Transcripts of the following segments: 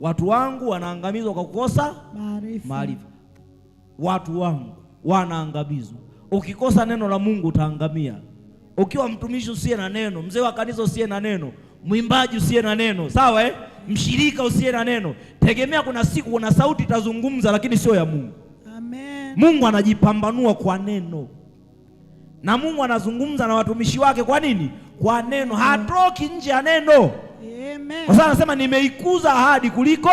watu wangu wanaangamizwa kwa kukosa maarifa. Watu wangu wanaangamizwa, ukikosa neno la Mungu utaangamia. Ukiwa mtumishi usiye na neno, mzee wa kanisa usiye na neno, mwimbaji usiye na neno, sawa eh? Mshirika usiye na neno, tegemea kuna siku kuna sauti itazungumza, lakini sio ya Mungu. Amen. Mungu anajipambanua kwa neno na Mungu anazungumza na watumishi wake. Kwa nini? Kwa neno, hatoki nje ya neno. Kwa sababu anasema nimeikuza ahadi kuliko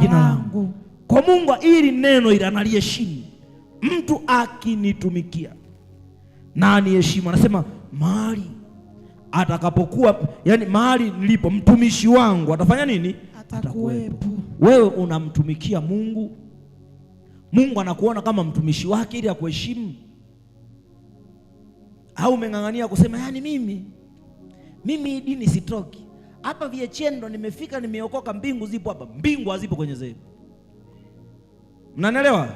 jina langu. Kwa Mungu ili neno ili analiheshimu, mtu akinitumikia na aniheshimu, anasema mahali atakapokuwa, yani mahali nilipo mtumishi wangu atafanya nini? Atakuwepo. Wewe unamtumikia Mungu, Mungu anakuona kama mtumishi wake ili akuheshimu, au umeng'ang'ania kusema yani mimi mimi dini sitoki hapa Viechendo nimefika, nimeokoka, mbingu zipo hapa. Mbingu hazipo kwenye zebu, mnanielewa?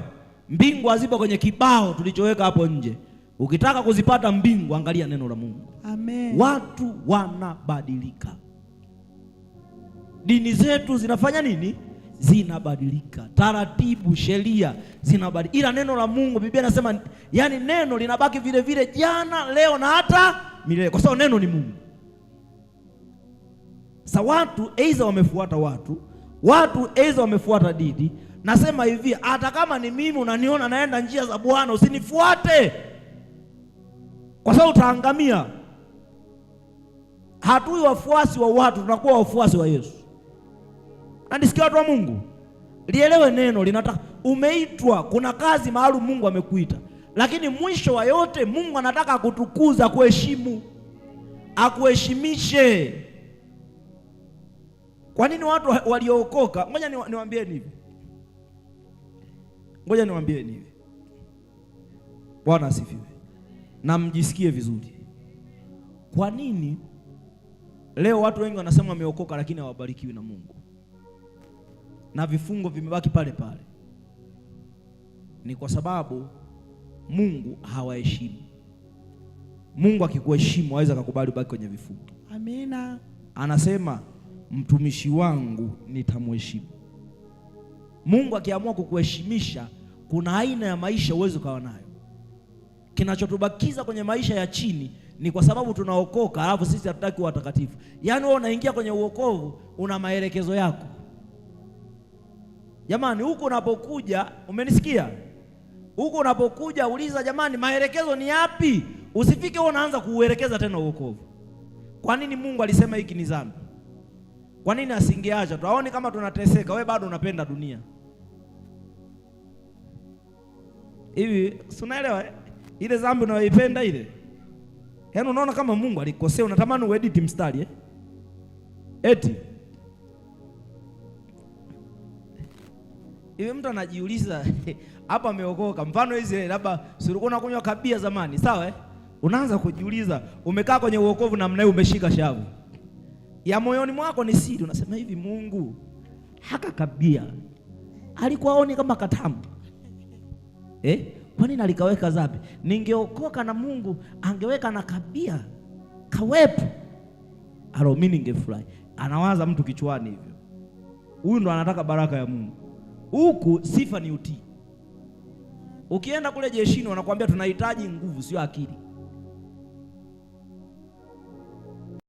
Mbingu hazipo kwenye kibao tulichoweka hapo nje. Ukitaka kuzipata mbingu, angalia neno la Mungu. Amen. Watu wanabadilika, dini zetu zinafanya nini? Zinabadilika, taratibu, sheria zinabadilika, ila neno la Mungu, Biblia inasema, yani neno linabaki vile vile, jana, leo na hata milele, kwa sababu neno ni Mungu. Sa watu aidha wamefuata watu watu aidha wamefuata didi. Nasema hivi, hata kama ni mimi unaniona naenda njia za Bwana, usinifuate kwa sababu utaangamia. Hatui wafuasi wa watu, tunakuwa wafuasi wa Yesu. Nanisikia watu wa Mungu, lielewe neno linataka. Umeitwa, kuna kazi maalum Mungu amekuita, lakini mwisho wa yote Mungu anataka kutukuza, kuheshimu, akuheshimishe kwa nini watu waliookoka? Ngoja niwaambieni hivi, ngoja niwaambieni hivi. Bwana asifiwe na mjisikie vizuri. Kwa nini leo watu wengi wanasema wameokoka, lakini hawabarikiwi na Mungu na vifungo vimebaki pale pale? Ni kwa sababu Mungu hawaheshimu. Mungu akikuheshimu aweza akakubali ubaki kwenye vifungo. Amina, anasema mtumishi wangu nitamheshimu. Mungu akiamua kukuheshimisha, kuna aina ya maisha uwezi ukawa nayo. Kinachotubakiza kwenye maisha ya chini ni kwa sababu tunaokoka, alafu sisi hatutaki kuwa watakatifu. Yaani wewe unaingia kwenye uokovu, una maelekezo yako. Jamani, huko unapokuja, umenisikia? Huko unapokuja uliza, jamani, maelekezo ni yapi? Usifike wewe unaanza kuuelekeza tena uokovu. Kwa nini Mungu alisema hiki ni dhambi? Kwa nini asingeacha tu? Aone kama tunateseka, we bado unapenda dunia hivi, si unaelewa eh? Ile dhambi unayoipenda ile, yaani unaona kama Mungu alikosea, unatamani uediti mstari eh? Eti hivi mtu anajiuliza hapa ameokoka. Mfano hizi eh, labda ulikuwa unakunywa kabia zamani, sawa eh? Unaanza kujiuliza umekaa kwenye uokovu namna hii, umeshika shavu ya moyoni mwako ni siri. Unasema hivi, Mungu haka kabia alikuwaoni kama katamu eh? Kwa nini alikaweka zabe? Ningeokoka na Mungu angeweka na kabia kawepo, alo mimi ningefurahi. Anawaza mtu kichwani hivyo, huyu ndo anataka baraka ya Mungu. Huku sifa ni utii. Ukienda kule jeshini, wanakuambia tunahitaji nguvu, sio akili.